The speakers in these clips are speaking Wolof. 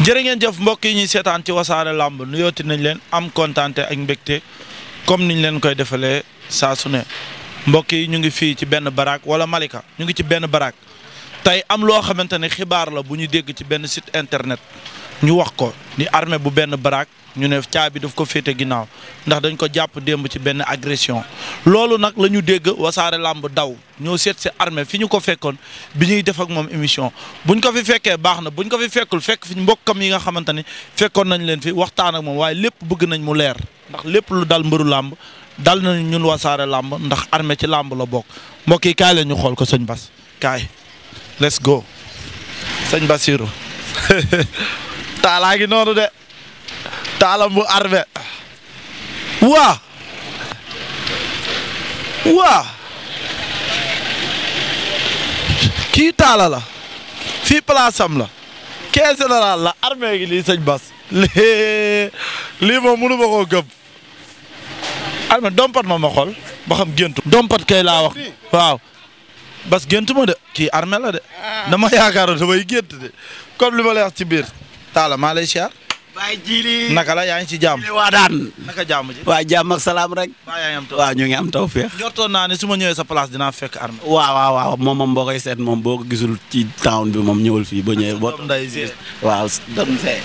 jërë ngeen jëf mbokk yi ñuy seetaan ci wasaare làmb nu yooti nañ leen am kontaante ak mbégte comme niñu leen koy defalee saa su ne mbokk yi ñu ngi fii ci benn baraak wala Malika ñu ngi ci benn baraak tey am loo xamante ne xibaar la bu ñu dégg ci benn site internet ñu wax ko ni armee bu benn baraak ñu ne caabi daf ko féete ginnaaw ndax dañ ko jàpp démb ci benn agression loolu nag la ñu dégg wasaare làmb daw ñoo seet si armée fi ñu ko fekkoon bi ñuy def ak moom émission buñ ko fi fekkee baax na buñ ko fi fekkul fekk fi mbokkam yi nga xamante ni fekkoon nañ leen fi waxtaan ak moom waaye lépp bëgg nañ mu leer ndax lépp lu dal mbëru làmb dal nañ ñun wasaare làmb ndax armée ci làmb la bokk mbokk yi ñu xool ko sëñ Bas kaay. let's go sëñ Basiru taalaa ngi noonu de taalam bu arme waa waa kii taala fii place am la quai lii sëñ Bas lii moom mënu ma koo gëm dompat ma ma xool ba dompat kay bas géntuma de kii armé la de ah. dama yaakaaroon damay gént de comme li ma lay wax ci biir taala maa lay Baye Jili naka la yaa ngi ci jàmm waa daan naka waa jàmm ak salaam rek waaw ñu ngi am tawfeex jortoon naa ne su ma ñëwee sa place dinaa fekk armé waaw waaw waaw moom moom boo koy seet moom boo ko gisul ci town bi moom ñëwul fii ba ñëwee boo waaw dom see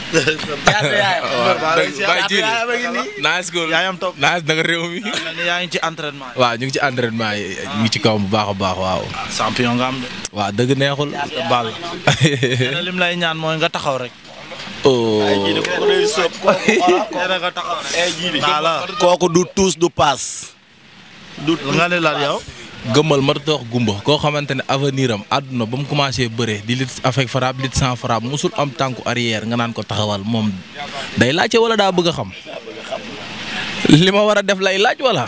Baye Jili naas ko yaa ngi ci entraînement yi ñu ngi ci entraînement yi ah. ñu ngi ci kaw bu baax a baax waaw champion nga dëgg neexul ball lim lay ñaan mooy nga taxaw rek kooku du tuus du paas. du nga ne lan gëmmal ma toox gumba koo xamante ne avenir àdduna ba mu commencé bëree di lit avec frappe lit sans frappe musul am tànku arrière nga naan ko taxawal moom day laaj wala daa bëgg a xam. li ma war a def lay laaj wala.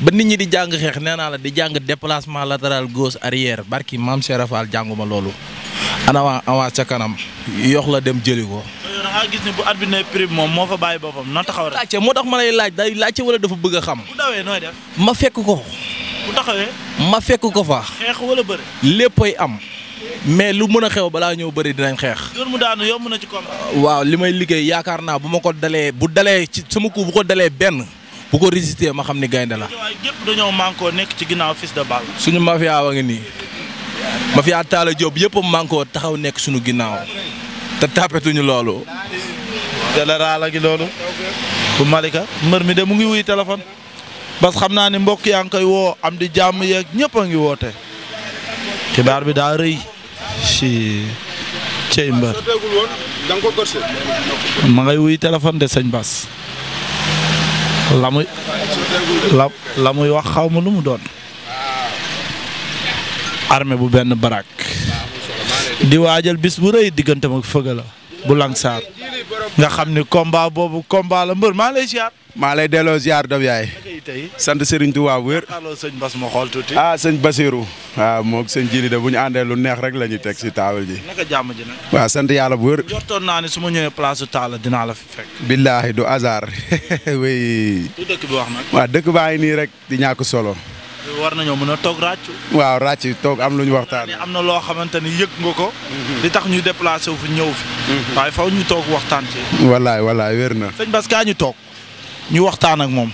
ba nit ñi di jàng xeex nee naa la di jàng déplacement latéral gauche arrière barki maam Serafal jànguma loolu. en avant sa kanam yox la dem jëli ko. da gis ne bu arbitre ne prime moom moo fa bàyyi boppam na taxaw rek. moo tax ma lay laaj day laajte wala dafa bëgg a xam. bu dawee ma fekk ko. bu taxawee. ma fekk ko fa. xeex wala bëri. léppay am. mais lu mën a xew balaa ñëw bëri dinañ xeex. yoon mu daanu yomb na ci combat. waaw li may liggéey yaakaar naa bu ma ko dalee bu dalee ci sama coup bu ko dalee benn bu ko résister ma xam ni gaynde la. waaye ñëpp dañoo mànkoo nekk ci ginnaaw Fils de Balla. suñu mafia wa ngi nii. ma fi Talla Diop yëpp mànkoo taxaw nekk sunu ginnaaw te tapetuñu loolu. général a gi loolu. bu Malika mbër mi de mu ngi wuy téléphone. parce xam naa ne mbokk yaa ngi koy woo am di jàmm yeeg ñëpp a ngi woote. xibaar bi daa rëy. si Thièye Mbër. ma ngay wuy téléphone de sañ bas la muy la muy wax xaw ma lu mu doon. armée bu benn barak di waajal bis bu rëy digganteem ak Feugeula bu Lansar nga xam ni combat boobu combat la mbër maa lay ziar. maa lay delloo ziar Dof yaay. sant Serigne Touba wér. sëñ Bas ma xool tuuti. ah sëñ Basirou. waaw ah, moog sëñ Jili de bu ñu àndee lu neex rek la ñuy teg si taabal ji. naka sant yàlla bu wér. jortoon naa ne su ma ñëwee place su Talla dinaa la fi fekk. billaahi du hasard. oui. dëkk baa ngi rek di ñàkk solo. war nañoo mën a toog ràccu. waaw ràcc toog am lu ñu waxtaan. am na loo xamante ni yëg nga ko. Mhm. li tax ñu déplacé wu fi ñëw fi. Mhm. waaye faw ñu toog waxtaan ci. wallaay wallaay wér na. sëñ Bass kaa ñu toog ñu waxtaan ak moom.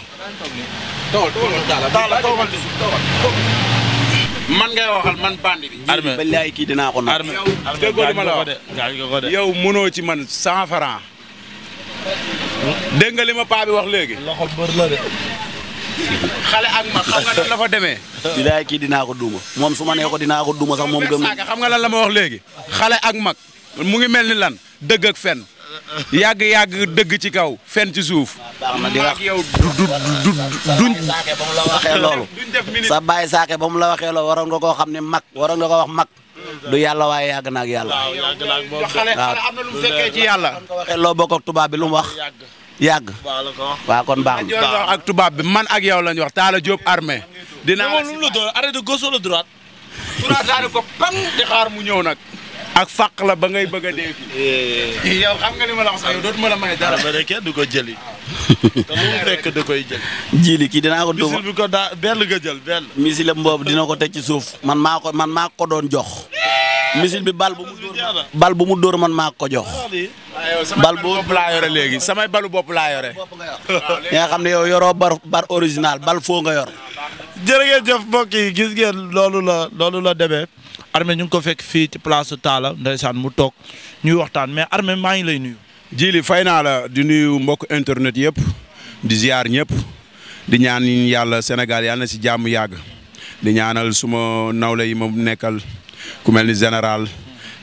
man ngay waxal man bandi bi. armé balaa kii dinaa ko naan. armé ma la wax yow mënoo ci man cent franc. dégg nga li ma paa wax léegi. loxo xale ak ma xam nga nan la fa demee. bilaay kii dinaa ko duuma moom su ma nee ko dinaa ko duuma sax moom gëm xam nga lan la ma wax léegi xale ak mag mu ngi mel ni lan dëgg fen yàgg yàgg dëgg ci kaw fen ci suuf. baax na di wax yow la waxee saake ba mu la waxee loolu waroon nga koo xam ne mag waroon nga ko wax mag. du yàlla waaye yàgg na yàlla. waaw yàgg xale am na fekkee ci yàlla. loo bokk ak tubaab bi lu mu wax. yàgg. waa kon baax na ak tubaab bi man ak yow lañ wax Talla Diop armée. dinaa la si arrêt de gauche wala droite. droite daal di ko pang di xaar mu ñëw nag. ak fàq la ba ngay bëgg a dee fii. Eh. xam nga li ma la wax sax yow dootuma la may dara. xam ah, du ko jëli. koy jël. jiili kii dinaa ko. misil bi ko daa benn nga jël benn. misilam dina ko teg ci suuf. man maa ko man maa ko doon jox. misil bi bal bu mu dóor bu mu dóor man maa ko jox. Ah, bal bu bopp laa yore léegi samay balu bopp laa yore. nga xam ne yoo yoroo bar bar original bal foo nga yor. jërëjëf mbokk yi gis ngeen loolu la loolu la demee Armé ñu ngi ko fekk fii ci place Talla ndeysaan mu toog ñu waxtaan mais Armé maa ngi lay nuyu. jili fay naa la di nuyu mbokk internet yëpp di ziar ñëpp di ñaan yàlla Sénégal yàlla si jàmm yàgg di ñaanal suma nawle yi ma nekkal ku ni général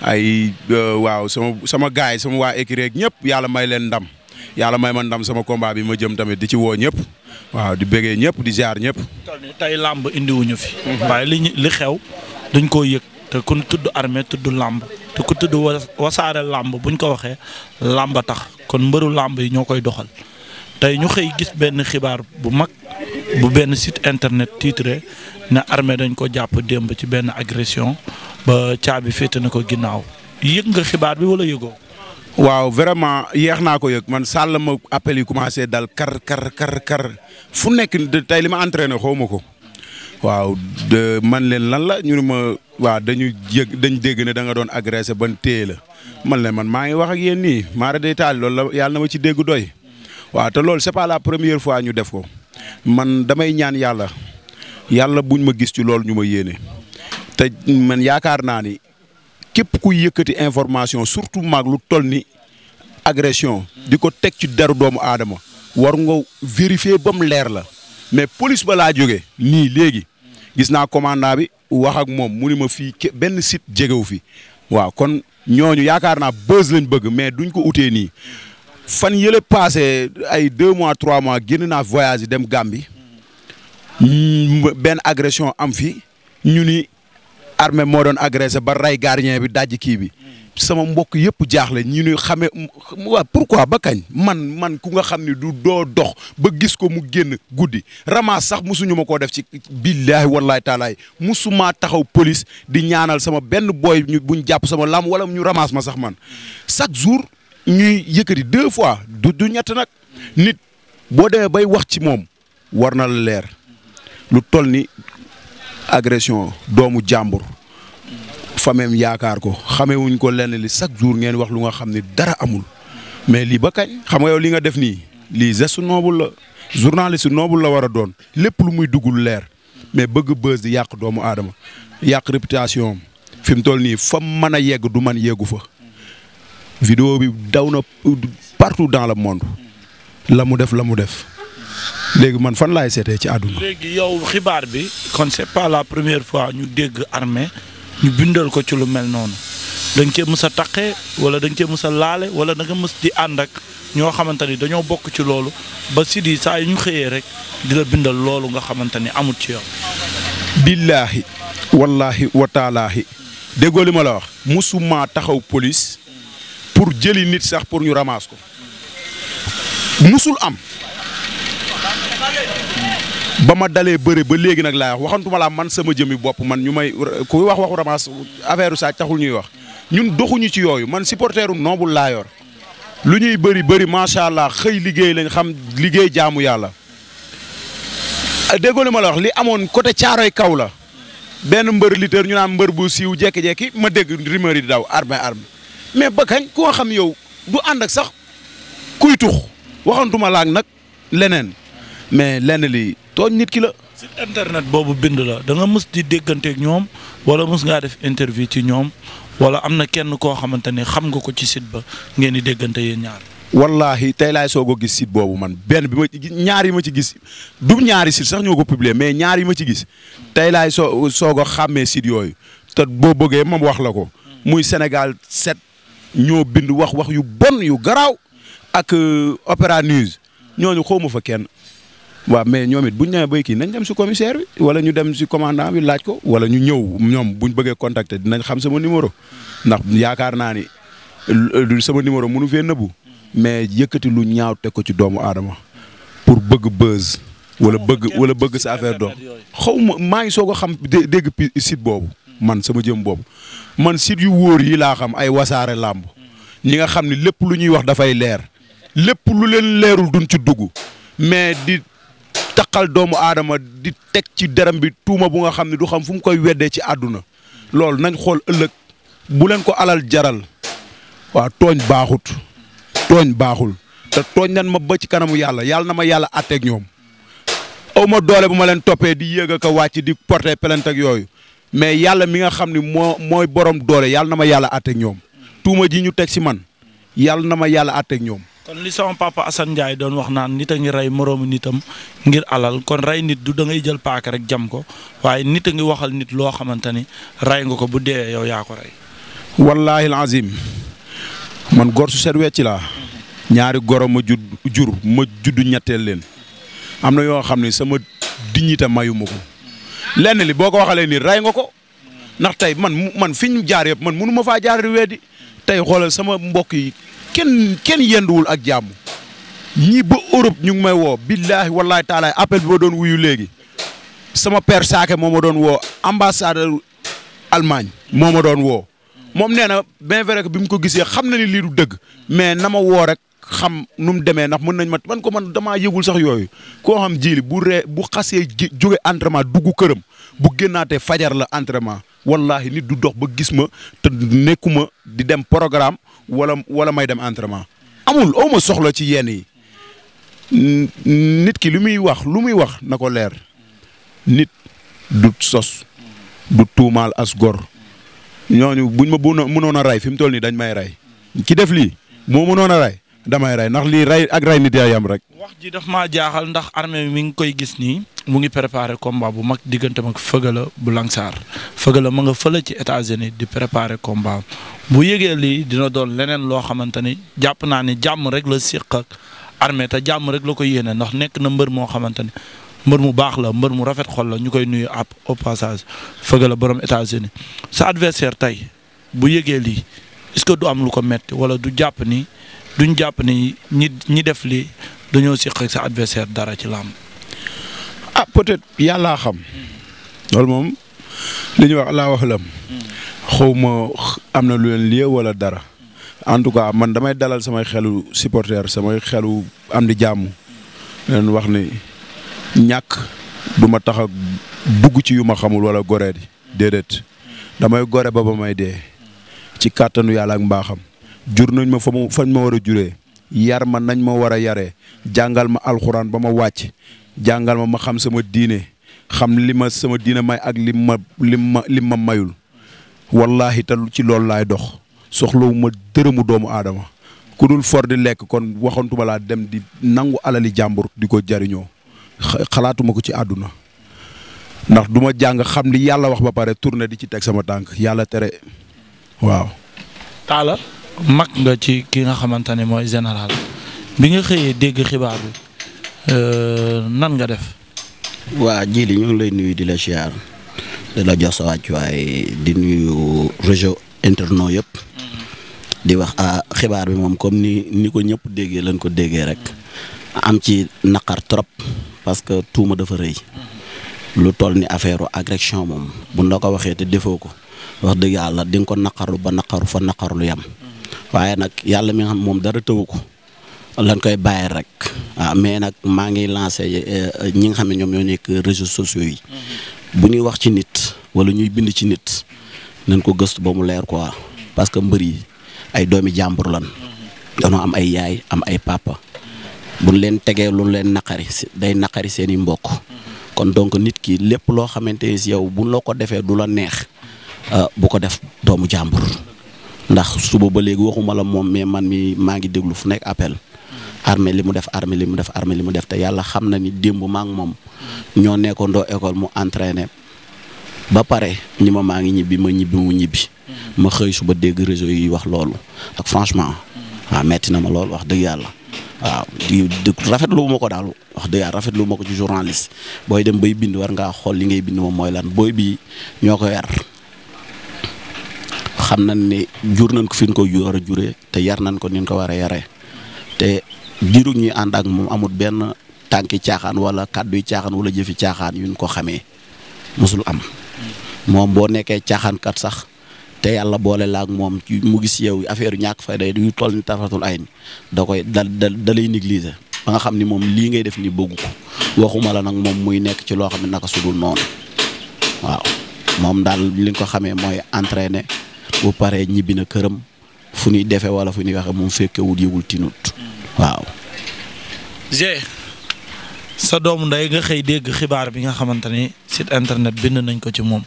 ay euh, waaw sama sama gaay sama waa écurie ñëpp yàlla may leen ndam yàlla may ma ndam sama combat bi ma jëm tamit di ci woo ñëpp. waaw di bëggee ñëpp di jaar ñëpp. tey làmb indiwuñu fi. waaye li li xew dañ koo yëg te ku tudd armée tudd làmb te ku tudd wasaare làmb buñ ko waxee làmb tax kon mbëru làmb yi ñoo koy doxal tey ñu xëy gis benn xibaar bu mag bu benn sit internet titré ne armée dañ ko jàpp démb ci benn agression ba caabi féete na ko ginnaaw yëg nga xibaar bi wala yëgoo. waaw vraiment yeex naa ko yëg man sàll ma appel yi commencé daal kar kar kar kar fu nekk tey li ma ne xaw ma ko waaw de man leen lan la ñu ne ma waaw dañu yëg dañ dégg ne danga doon agressé ban téye la man leen man maa ngi wax ak yéen nii maara day taal loolu la yàlla na ma ci dégg doy waaw te loolu c'est pas la première fois ñu def ko man damay ñaan yàlla yàlla buñ ma gis ci loolu ñu ma yéene te man yaakaar naa képp ku yëkkati information surtout maag lu toll ni agression di ko teg ci deru doomu aadama war nga vérifier ba mu leer la mais police ba laa jógee nii léegi gis naa commandant bi wax ak moom mu ni ma fii benn site jegewu fi waaw kon ñooñu yaakaar naa buzz lañ bëgg mais duñ ko utee nii fan yële passé ay deux mois trois mois génn naa voyage dem Gambie mm, benn agression am fi ñu ni armée moo doon agressé ba rey gardien bi dajji kii bi sama mbokk yëpp jaaxle ñu ñuy xamee waa pourquoi ba kañ man man ku nga xam ne du doo dox ba gis ko mu génn guddi ramas sax musuñu ma koo def ci billaahi wallaahi taalaay musumaa taxaw police di ñaanal sama benn booy ñu buñ jàpp sama lam wala ñu ramas ma sax man chaque jour ñuy yëkkati deux fois du du ñett nag nit boo demee bay wax ci moom war na la leer lu toll ni agression doomu jàmbur fameem yaakaar ko xamewuñ ko lenn li chaque jour ngeen wax lu nga xam ne dara amul mais lii ba kañ xam nga yow li nga def nii lii geste noble la journaliste noble la war a doon lépp lu muy duggul leer mais bëgg bës di yàq doomu aadama yàq réputation am fi mu toll nii fa mën a yegg du man yeggu fa. vidéo bi daw na partout dans le monde la mu def la mu def. léegi man fan laay seetee ci àdduna. léegi yow xibaar bi kon c'est pas la première fois ñu dégg armée ñu bindal ko ci lu mel noonu dañ cee mës a taqee wala dañ cee mës a laale wala da mës di ànd ak ñoo xamante ni dañoo bokk ci loolu ba Sidi saa yi ñu xëyee rek dina bindal loolu nga xamante ni amut ci yow. billaahi wallaahi wataalaahi déggoo li ma la wax musuma taxaw police pour jëli nit sax pour ñu ramaas ko musul am. ba ma dalee bëre ba léegi nag laa wax waxantuma man sama jëmi bopp man ñu may ku wax waxu ramas affaire saa taxul ñuy wax ñun doxuñu ci yooyu man supporteru noobul laa yor lu ñuy bëri bëri macha allah xëy liggéey lañ xam liggéey jaamu yàlla. déggoo ma la wax li amoon côté caaroy kaw la benn mbër liteur ñu naan mbër bu siiw jékki-jékki ma dégg rumeur daw arme arme mais ba kañ ku nga xam yow du ànd ak sax kuy tux waxantuma nag leneen. mais lenn li tooñ nit ki la. site internet boobu bind la da nga mës di dégganteeg ñoom wala mës ngaa def interview ci ñoom wala am na kenn koo xamante ne xam nga ko ci site ba ngeen di déggante yéen ñaar. wallahi tey laay soog a gis site boobu man benn bi ma ñaar yi ma ci gis du ñaari site sax ñoo ko publier mais ñaar yi ma ci gis tey laay soo soog a xàmmee site yooyu te boo bëggee moom wax la ko. muy Sénégal set ñoo bind wax wax yu bon yu garaaw ak euh, Opera News ñooñu xawma kenn. waaw mais ñoom it bu ñu demee bay kii nañ dem si commissaire bi wala ñu dem si commandant bi laaj ko wala ñu ñëw ñoom bu ñu bëggee contacter dinañ xam sama numéro ndax yaakaar naa ni sama numéro mënu fee nëbbu mais yëkkati lu ñaaw teg ko ci doomu aadama pour bëgg buzz wala bëgg wala bëgg sa affaire doom xaw ma maa ngi soog a xam dégg site boobu man sama jëm boobu man site yu wóor yi laa xam ay wasaare làmb ñi nga xam ni lépp lu ñuy wax dafay leer lépp lu leen leerul duñ ci dugg taqal doomu aadama di teg ci deram bi tuuma bu nga xam ne du xam fu mu koy weddee ci àdduna loolu nañ xool ëllëg bu leen ko alal jaral waaw tooñ baaxut tooñ baaxul te tooñ nan ma ba ci kanamu yàlla yàlla na ma yàlla àtteeg ñoom aw ma doole bu ma leen toppee di yéeg ak a wàcc di porter plainte ak yooyu mais yàlla mi nga xam ni moo mooy borom doole yàlla na ma yàlla àtteeg ñoom tuuma ji ñu teg si man yàlla na ma yàlla àtteeg ñoom kon li sama papa Assane Ndiaye doon wax naan nit a ngi rey moroom nitam ngir alal kon rey nit du dangay jël paaka rek jam ko waaye nit a ngi waxal nit loo xamante ni rey nga ko bu deewee yow yaa ko rey. wallaahi alazim man gor su set wecci laa ñaari goro ma jur ma juddu ñetteel leen am na yoo xam ne sama dignité mayu ko lenn li boo ko waxalee nii rey nga ko ndax tey man man fi ñu jaar yëpp man mënu ma faa jaar di weddi tey xoolal sama mbokk yi kenn kenn yenduwul ak jàmm ñii ba Europe ñu may woo billaahi wallaahi taala appel bi ma doon wuyu léegi sama per saake moo ma doon woo ambassadeur Allemagne moo ma doon woo moom nee na bien vrai bi mu ko gisee xam na ni lii du dëgg mais na ma woo rek xam nu mu demee ndax mën nañ ma man ko man damaa yëgul sax yooyu koo xam jili bu re bu xasee jóge entrement dugg këram bu génnaatee fajar la entrement wallahi nit du dox ba gis ma te nekkuma di dem programme wala wala may dem entraînement amul aw soxla ci yenn yi nit ki lu muy wax lu muy wax na ko leer nit du sos du tuumaal as gor ñooñu buñ ma mënoon a rey fi mu toll nii dañ may rey ki def lii moo mënoon a rey damay rey ndax lii rey ak rey nit yaa yam rek. wax ji daf maa jaaxal ndax armée bi mi ngi koy gis nii. mu ngi préparé komba bu mag diggante mag Feugeula bu Langsar ma nga fële ci États-Unis di préparé komba bu yëgee lii dina doon leneen loo xamante ni jàpp naa ne jàmm rek la siq ak te jàmm rek la ko yéene ndax nekk na mbër moo xamante ni mbër mu baax la mbër mu rafet xol la ñu koy nuyu ab au passage Feugeula borom États-Unis sa adversaire tey bu yëgee lii est que du am lu ko metti wala du jàpp ni. duñ jàpp ni ñi ñi def li dañoo siq sa adversaire dara ci làmb ah peut-être yàllaa xam loolu moom li ñuy wax laa wax lam xaw ma am na lu leen lii wala dara en tout cas man damay dalal samay xelu supporter samay xelu am di jàmm leen wax ni ñàkk du ma tax a ci yu ma xamul wala goree di déedéet damay gore ba ba may dee ci kàttanu yàlla ak mbaaxam jur nañ ma fa ma fañ ma war a juree yar ma nañ ma war a yaree jàngal ma alxuraan ba ma wàcc jàngal ma ma xam sama diine xam li ma sama diine may ak li ma li ma li ma mayul wallaahi te ci loolu laay dox soxlawu ma dërëmu doomu aadama ku dul for di lekk kon waxantuma laa dem di nangu alali jàmbur di ko jariñoo xalaatuma ko ci àdduna ndax duma jàng xam li yàlla wax ba pare tourné di ci teg sama tànk yàlla tere waaw mag nga ci ki nga xamante ne mooy général bi nga xëyee dégg xibaar bi euh, nan nga def. waa ji li ñu ngi lay nuyu di la ziar di la jox sa wàccuwaay di nuyu réseau internet yëpp. Mm-hmm. di wax a ah, xibaar bi moom comme ni ni ko ñëpp déggee lañ ko déggee rek. am ci naqar trop parce que tuuma dafa rëy. Mm-hmm. lu toll ni affaire agrection moom bu nda ko waxee te defoo ko wax dëgg yàlla di nga ko naqaru ba naqaru fa naqaru yam. Mm-hmm. waaye nag yàlla mi nga xam moom dara tëwu ko lan koy bàyyi rek waaw mais nag maa ngi lancé euh, ñi nga xam ne ñoom ñoo nekk réseaux sociaux yi bu ñuy wax ci nit wala ñuy bind ci nit nañ ko gëstu ba mu leer quoi parce que mbër yi ay doomi jàmbur lan danoo am ay yaay am ay papa buñ leen tegee lu leen naqari day naqari seeni i mbokk kon donc nit ki lépp loo xamante ni si yow buñ la ko defee du la neex euh, bu ko def doomu jàmbur ndax suba ba léegi waxuma la moom mais man mi maa ngi déglu fu nekk appel armée li mu def armée li mu def armée li mu def te yàlla xam na ni démb maa ngi moom ñoo nekkoon doo école mu entraîné ba pare ñi ma maa ngi ñibbi ma ñibbi mu ñibbi ma xëy suba dégg réseau yi wax loolu ak franchement waaw metti na ma loolu wax dëgg yàlla waaw di rafetlu ma ko daal wax dëgg yàlla rafetlu ma ko ci journaliste booy dem bay bind war ngaa xool li ngay bind moom mooy lan booy bii ñoo ko yar xam nañ ne jur nañ ko fi ñu ko war a juree te yar nañ ko ni ko war a yaree te diiru ñuy ànd ak moom amut benn tànki caaxaan wala kàddu yi caaxaan wala jëfi caaxaan yu ñu ko xamee mosul am moom boo nekkee caaxaankat sax te yàlla boole la ak moom mu gis yow affaire ñàkk fayda yu toll ni tarafatul ay da koy da da lay ba nga xam ni moom lii ngay def ni bëgg ko waxuma la nag moom muy nekk ci loo xam ne naka sudul noonu waaw moom daal li nga ko xamee mooy entraîner bu paree ñibbi na këram fu ñuy defee wala fu ñuy waxee moom fekkewul yëgul tinut waaw. G. sa doomu ndey nga xëy dégg xibaar bi nga xamante ni site internet bind nañ ko ci moom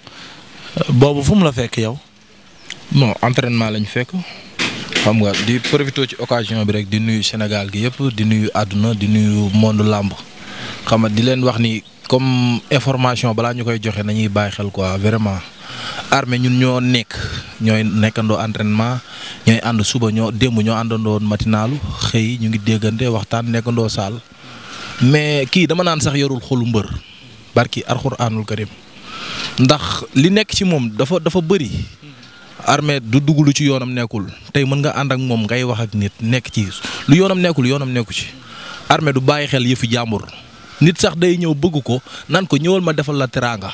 boobu fu mu la fekk yow. moo entraînement lañ fekk. xam nga di profité ci occasion bi rek di nuyu Sénégal gi yëpp di nuyu àdduna di nuyu monde làmb xam nga di leen wax ni comme information balaa ñu koy joxe nañuy bàyyi xel quoi vraiment armée ñun ñoo nekk ñooy nekkandoo entraînement ñooy ànd suba ñoo démb ñoo àndandoo matinalu xëy ñu ngi déggante waxtaan nekkandoo saal mais kii dama naan sax yorul xolu mbër barki alxuraanul karim ndax li nekk ci moom dafa dafa bëri armée du dugg lu ci yoonam nekkul tey mën nga ànd ak moom ngay wax ak nit nekk ci lu yoonam nekkul yoonam nekku ci armée du bàyyi xel yëfu jàmbur. nit sax day ñëw bëgg ko naan ko ñëwal ma defal la teraanga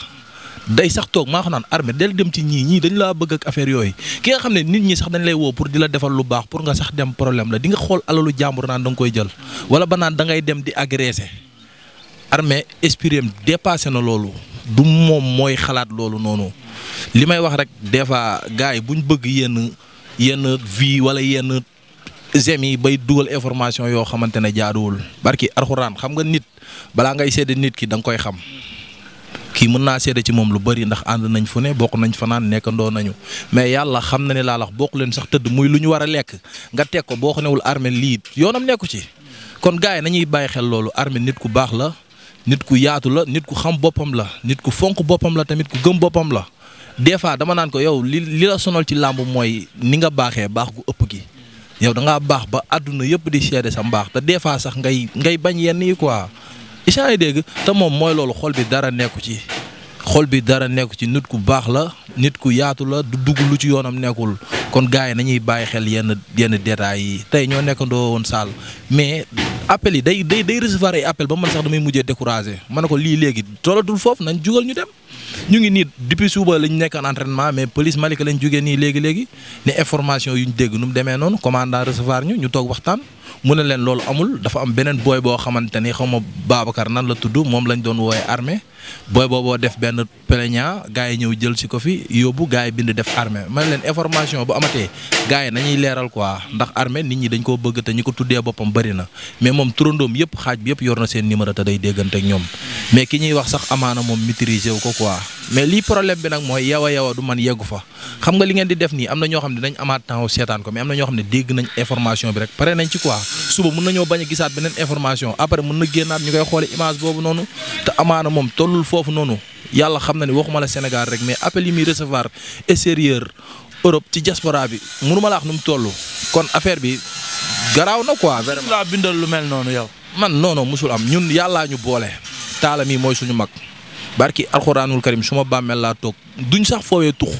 day sax toog maa ko naan arme del dem ci ñii ñii dañ laa bëgg ak affaire yooyu ki nga xam ne nit ñi sax dañ lay woo pour di la defal lu baax pour nga sax dem problème la di nga xool alalu jàmbur naan da nga koy jël wala ba naan da dem di agressé armée esprit am dépassé na loolu du moom mooy xalaat loolu noonu li may wax rek des fois gars yi buñ bëgg yenn yenn vie wala yenn gem yi bay dugal information yoo xamante ne jaaduwul barki arxuraan xam nga nit balaa ngay seede nit ki da nga koy xam kii mën naa seede ci moom lu bëri ndax ànd nañ fu ne bokk nañ fanaan nekkandoo nañu mais yàlla xam na ne laa lax bokk leen sax tëdd muy lu ñu war a lekk nga teg ko boo ko newul armée lii yoonam nekku ci kon gars yi nañuy bàyyi xel loolu armée nit ku baax la nit ku yaatu la nit ku xam boppam la nit ku fonk boppam la tamit ku gëm boppam la des fois dama naan ko yow li li la sonal ci làmb mooy ni nga baaxee baax gu ëpp gi yow da ngaa baax ba àdduna yëpp di seede sa mbaax te des fois sax ngay ngay bañ yenn yi quoi yaa ngi dégg te moom mooy loolu xol bi dara nekku ci xol bi dara nekku ci nit ku baax la nit ku yaatu la du dugg lu ci yoonam nekkul kon gars yi ñuy bàyyi xel yenn yenn détails yi tey ñoo nekkandoo woon saal mais appel yi day day day appel ba man sax damay mujjee découragé ma ne ko lii léegi tollatul foofu nañ jugal ñu dem. ñu ngi nii depuis suba lañ nekk en entraînement mais police Malika lañ jógee nii léegi léegi ne information yu ñu dégg nu mu demee noonu commandant recevoir ñu ñu toog waxtaan mu ne leen loolu amul dafa am beneen booy boo xamante ni xaw ma Babacar nan la tudd moom lañ doon woowee armée booy booboo def benn plaignant gars yi ñëw jël si ko fi yóbbu gars yi bind def armée ma leen information bu amatee gars yi nañuy leeral quoi ndax armée nit ñi dañ koo bëgg te ko tuddee boppam bëri na mais moom turandoom yëpp xaaj bi na seen numéro te day déggante ak ñoom mais ki wax sax amaana moom maîtriser wu ko quoi mais lii problème bi nag mooy yow a yow a du man yeggu fa xam nga li ngeen di def nii am na ñoo xam ne dinañ amaat temps seetaan ko mais am na ñoo xam ne dégg nañ information bi rek pare nañ ci quoi suba mën nañoo bañ a gisaat beneen information après mën na génnaat ñu koy xoole image boobu noonu te amaana moom tollul foofu noonu yàlla xam na ni waxuma la Sénégal rek mais appel yi muy recevoir extérieur Europe ci diaspora bi mënuma la wax nu mu toll kon affaire bi garaaw na quoi. vraiment laa bindal lu mel noonu yow. man non non musul am ñun yàllaa ñu boole taala mi mooy suñu mag. barki alxuraanul karim su ma bàmmeel laa toog duñ sax foowee tux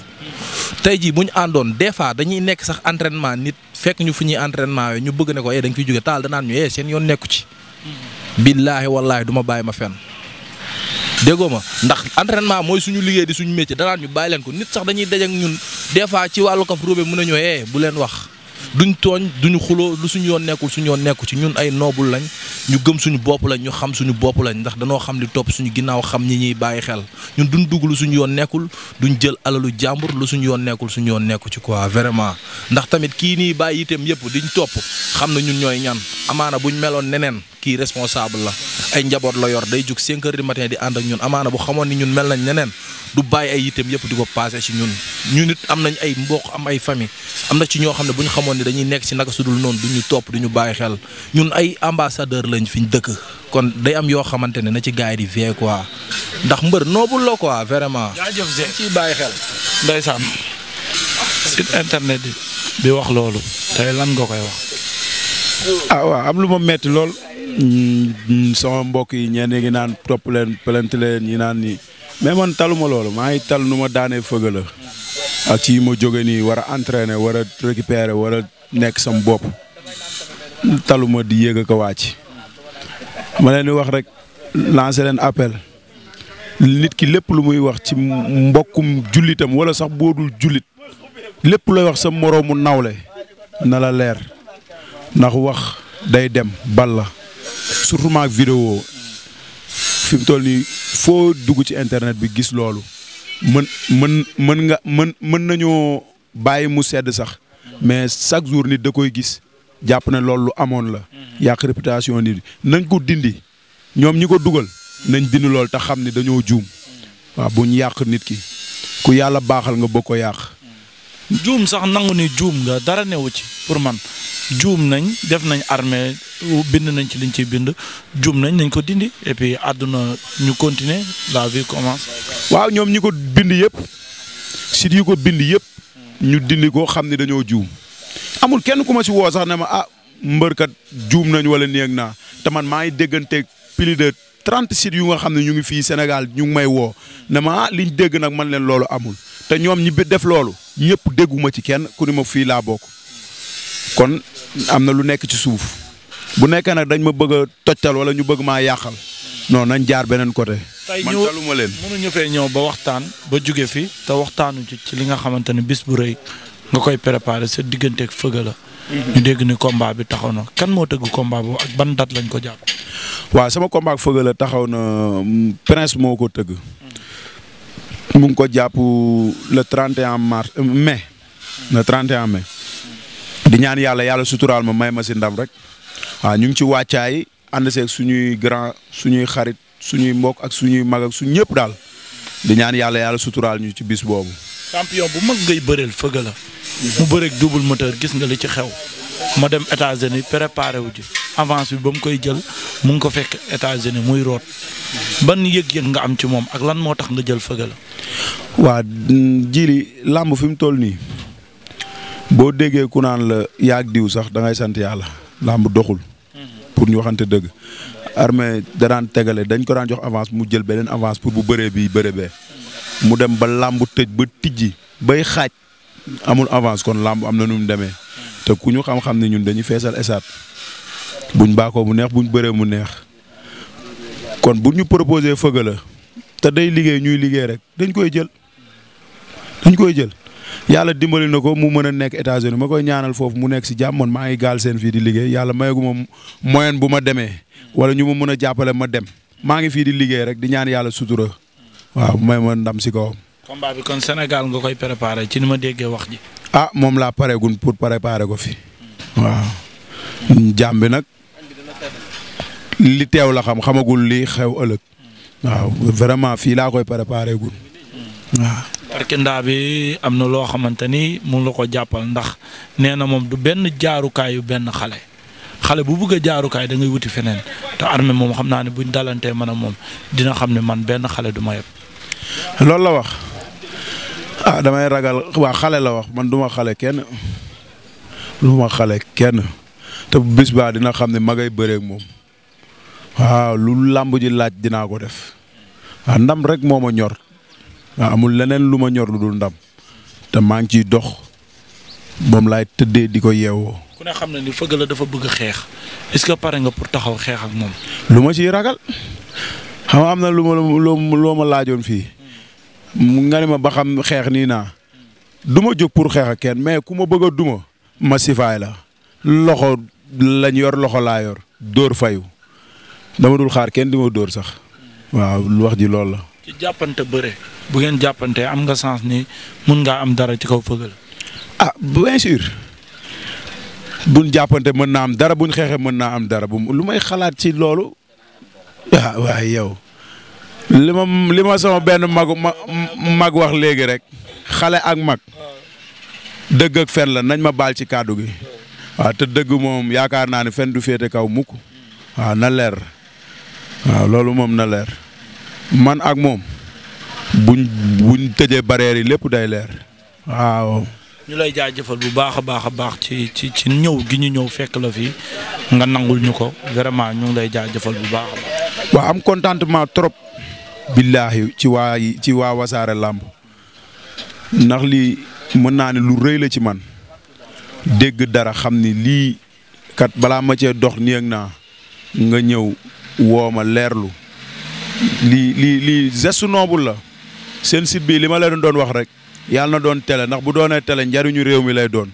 tey jii bu ñu àndoon des fois dañuy nekk sax entraînement nit fekk ñu fu ñuy entraînement we ñu bëgg ne ko eh dañ fiy jóge taal danaan ñu eh seen yoon nekku ci. billaahi wallaahi du ma bàyyi ma fenn. déggoo ma ndax entraînement mooy suñu liggéey di suñu métier danaan ñu bàyyi leen ko nit sax dañuy daje ak ñun des ci wàllu kaf ruube mën a ñëw eh bu leen wax. duñ tooñ duñu xuloo lu suñu yoon nekkul suñu yoon nekku ci ñun ay noobul lañ ñu gëm suñu bopp lañ ñu xam suñu bopp lañ ndax danoo xam li topp suñu ginnaaw xam ñi ñuy bàyyi xel ñun duñ dugg lu suñu yoon nekkul duñ jël alalu jàmbur lu suñu yoon nekkul suñu yoon nekku ci quoi vraiment ndax tamit kii nii bàyyi itam yëpp ñu topp xam na ñun ñooy ñan amaana buñ meloon neneen kii responsable la ay njaboot la yor day jug 5 heures du di ànd ak ñun amaana bu xamoon ni ñun mel nañ neneen du bàyyi ay itam yëpp di ko passé ci ñun ñun it am nañ ay mbokk ay famille na xamoon ne dañuy nekk ci naka sudul noonu du ñu topp du ñu bàyyi xel ñun ay ambassadeur lañ fi ñu dëkk kon day am yoo xamante ne na ci gars yi di vie quoi ndax mbër noobul la quoi vraiment. jaajëf Zé ciy bàyyi xel. ndeysaan site internet bi wax loolu. tey lan nga koy wax. ah waaw am lu ma metti lool. Mm, sama mbokk yi ñenn ngi naan topp leen pelante leen ñi naan nii mais man taluma loolu maa ngi tal nu ma daanee fëgg la ak ci yi ma jóge nii war a entraîner war wara récupérer war nekk sam bopp taluma di yég ak a wàcc ma leen di wax rek lancer leen appel nit ki lépp lu muy wax ci mbokkum jullitam wala sax boo dul jullit lépp lay wax sa moroomu nawle na la leer ndax wax day dem bal la surtout maak vidéo fi mu toll nii foo dugg ci internet bi gis loolu mën mën mën nga mën mën nañoo bàyyi mu sedd sax mais chaque jour nit da koy gis jàpp na lool lu amoon la. Mhm. yàq réputation nit nañ ko dindi ñoom ñi ko dugal. nañ dindi loolu te xam ne dañoo juum. Mhm. waaw bu ñu yàq nit ki ku yàlla baaxal nga bëgg ko yàq. juum sax nangu ni juum nga dara newu ci pour man juum nañ def nañ armée bind nañ ci liñ ciy bind juum nañ nañ ko dindi et àdduna ñu continuer la vie commence. waaw ñoom ñi ko bind yëpp si yi ko bind yëpp. ñu dindi ko xam ni dañoo juum. amul kenn ku ma si woo sax ne ma ah mbërkat juum nañ wala néeg naa te man maa ngi dégganteeg plus 30 sites yu nga xam ne ñu ngi fii Sénégal ñu ngi may woo na ma ah liñ dégg nag man leen loolu amul te ñoom ñi def loolu ñëpp dégguma ci kenn ku ni ma fii laa bokk kon am na lu nekk ci suuf bu nekkee nag dañ ma bëgg a tojtal wala ñu bëgg maa yàqal noonu nañ jaar beneen côté. man taluma leen tey mënuñu ñëw ba waxtaan ba jóge fi te waxtaanu ci ci li nga xamante ne bis bu nga koy préparé sa digganteeg fëgg la. Mhm. ñu dégg ni combat bi taxaw na kan moo tëgg combat boobu ak ban lañ ko jàpp. waa sama combat ak taxaw na prince moo ko tëgg. mu ngi ko jàpp le 31 mars euh, mai. le 31 mai. di ñaan yàlla yàlla suturaal ma may ma si ndam rek. waaw ñu ngi ci wàccaay ànd seeg suñuy grand suñuy xarit suñuy mbokk ak suñuy mag ak suñ ñëpp daal. di ñaan yàlla yàlla suturaal ñu ci bis boobu. champion bu mag ngay bëreel fëgg la. mu bëreek double moteur gis nga li ci xew. ma dem États-Unis préparé wu ji avance bi ba mu koy jël mu ngi ko fekk États-Unis muy root ban yëg-yëg nga am ci moom ak lan moo tax nga jël fëgg la. waa jili làmb fi mu toll nii boo déggee ku naan la yaag diw sax da ngay sant yàlla làmb doxul. pour ñu waxante dëgg. armée da daan tegale dañ ko daan jox avance mu jël beneen avance pour bu bëree bi bëree bee. mu dem ba làmb tëj ba tijji bay xaaj amul avance kon làmb am na nu mu demee te ku ñu xam-xam ne ñun dañuy feesal esaat buñ baakoo bu neex buñ bëree mu neex kon bu ñu proposé fëgg la te day liggéey ñuy liggéey rek dañ koy jël dañ koy jël yàlla dimbali na ko mu mën a nekk États-Unis ma koy ñaanal foofu mu nekk si jàmm maa ngi gaal seen fii di liggéey yàlla mayaguma moyen bu ma demee wala ñu ma mën a jàppale ma dem maa ngi fii di liggéey rek di ñaan yàlla sutura waaw may ma ndam si kawam. combat kon Sénégal nga koy préparé ci ni ma déggee wax ji. ah moom laa pareegun pour préparer ko fi. waaw jàmm bi nag li teew la xam xamagul li xew ëllëg. waaw vraiment fii laa koy préparé gun waaw. parkindaa bi am na loo xamante ni mun la ko jàppal ndax nee na moom du benn jaarukaayu benn xale. xale bu bëgg a jaarukaay da wuti feneen te armée moom xam naa ne buñ dalantee man a moom dina xam ne man benn xale du ma yeb. loolu la wax ah damay ragal waa xale la wax man du ma xale kenn du xale kenn te bu bis baa dina xam ne ma ngay bëreeg moom waaw lu làmb ji laaj dinaa ko def waaw ah, ndam rek moo ma ñor waaw ah, amul leneen lu ma ñor lu dul ndam te maa ngi ciy dox moom lay tëddee di ko yeewoo. ku ne xam na ni fëgg la dafa bëgg xeex est-ce que pare nga pour taxaw xeex moom. lu ma ciy ragal xam am na lu ma loo ma laajoon fii nga ne ma ba xam xeex nii naa du ma jóg pour xeex ak kenn mais ku ma bëgg a duma ma sifaay la loxo lañ yor loxo laa yor dóor fayu dama dul xaar kenn di ma dóor sax waaw wax ji loolu la. jàppante bëre bu ngeen jàppante am nga sens ni mun ngaa am dara ci kaw fëgg ah bien buñ jàppante mën naa am dara buñ xeexe mën naa am dara bu lu may xalaat ci loolu waaw ah, waaye yow li ma sama benn magu mag wax léegi rek xale ak mag dëgg fen la nañ ma baal ci kàddu gi waaw te dëgg moom yaakaar naa ne fen du féete kaw mukk waaw na leer waaw loolu moom na leer man ak moom bu buñ tëjee barrière yi lépp day leer waaw ñu lay jaajëfal bu baax a baax a baax ci ci ci ñëw gi ñu ñëw fekk la fi nga nangul ñu ko vraiment ñu ngi lay jaajëfal bu baax a baax. waaw am contentement trop. billaahi ci waa ci waa wasaare làmb ndax lii mën naa ne lu rëy la ci man dégg dara xam ni lii kat balaa ma cee dox néeg naa nga ñëw woo ma leerlu lii lii lii geste noble la seen site bi li ma leen doon wax rek. yàlla doon tele ndax bu doonee télé njariñu réew mi lay doon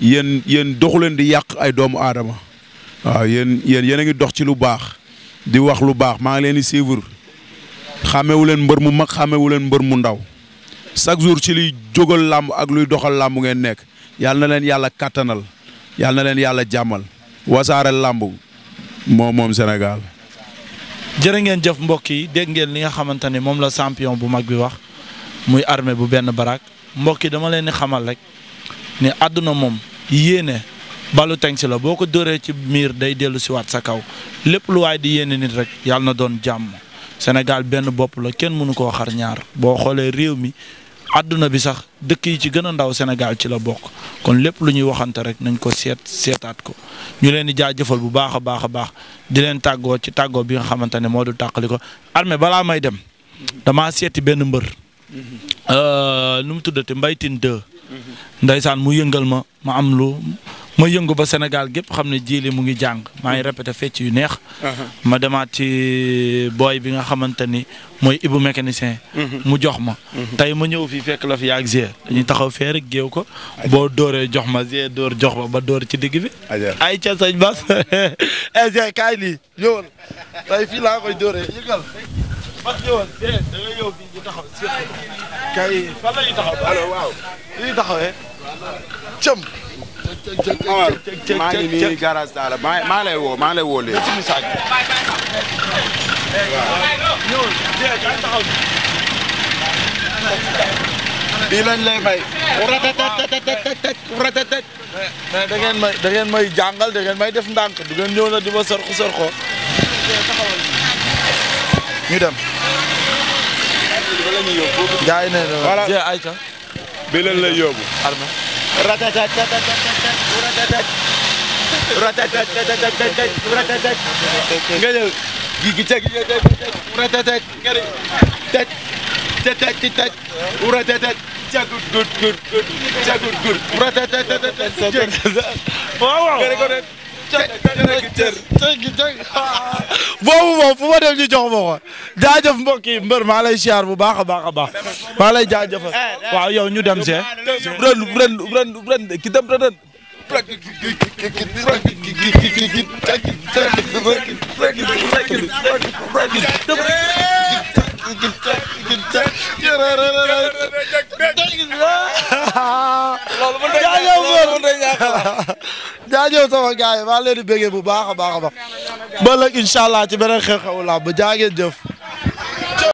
yéen yéen doxu leen di yàq ay doomu aadama waaw yéen yéen a ngi dox ci lu baax di wax lu baax maa ngi leen di suivre xàmmewu leen mbër mu mag xàmmewu leen mbër mu ndaw chaque jour ci liy jógal làmb ak luy doxal làmb ngeen nekk yàlla na leen yàlla kàttanal yàlla leen yàlla jàmmal wasaare làmb moom moom senegal jërë ngeen jëf mbokk yi dégg ngeen li nga xamante ne moom la champion bu mag bi wax. muy armée bu benn baraak mbokk yi dama leen di xamal rek ni àdduna moom yéene balu teng si la boo ko dóoree ci miir day dellu si waat sa kaw lépp lu waaye di yéene nit rek yàlla na doon jàmm Sénégal benn bopp la kenn mënu koo xar ñaar boo xoolee réew mi àdduna bi sax dëkk yi ci gën a ndaw Sénégal ci la bokk kon lépp lu ñuy waxante rek nañ ko seet seetaat ko ñu leen di jaajëfal bu baax a baax a baax di leen tàggoo ci tàggoo bi nga xamante ne moo du tàqali ko armée balaa may dem damaa seeti benn mbër. Euh, nu mu tuddati mbaytin 2. ndaysaan mu yëngal ma ma am lu ma yëngu ba Sénégal gépp xam ne jiili mu ngi jàng maa ngi répété fecc yu neex. Uh-huh. ma demaat ci booy bi nga xamante ni mooy Ibou mécanicien. Uh-huh. mu jox ma. Uh-huh. tey ma ñëw fii fekk la fi ak Zier dañuy taxaw fee géew ko boo dooree jox ma Zier door jox ma ba door ci digg bi. ay ca sëñ Bas. Eh, Zier kaay lii ñëwal tey laa koy dooree man ñëwoon dee da nga ñëw fii ñu taxaw si kay fan la ñuy taxaw alors waaw li ñuy taxawee cëm maa ngi nii garage daal maa lay woo maa lay woo léegi message ñëw dee kay taxaw bii lañ lay may ratatatat mais da ngeen may da ngeen may jàngal da ngeen may def ndànk du ngeen ñëw na di ma sorxo sorxo ñu dem gars yi nee na voilà ayca. bi leen lay yóbbu. armé. nga jël gi gi teg teg teg teg boobu moom fu ma jaajëf mbokk yi mbër maa lay siyaar bu baax a baax a baax maa lay jaajëfal waaw yow ñu dem see ren ren ren ren ki dem ren ren jaajëf sama gars yi maa leen di bëggee bu baax a baax a baax ba léegi incha allah ci beneen xew-xewu làmb jaa ngeen jëf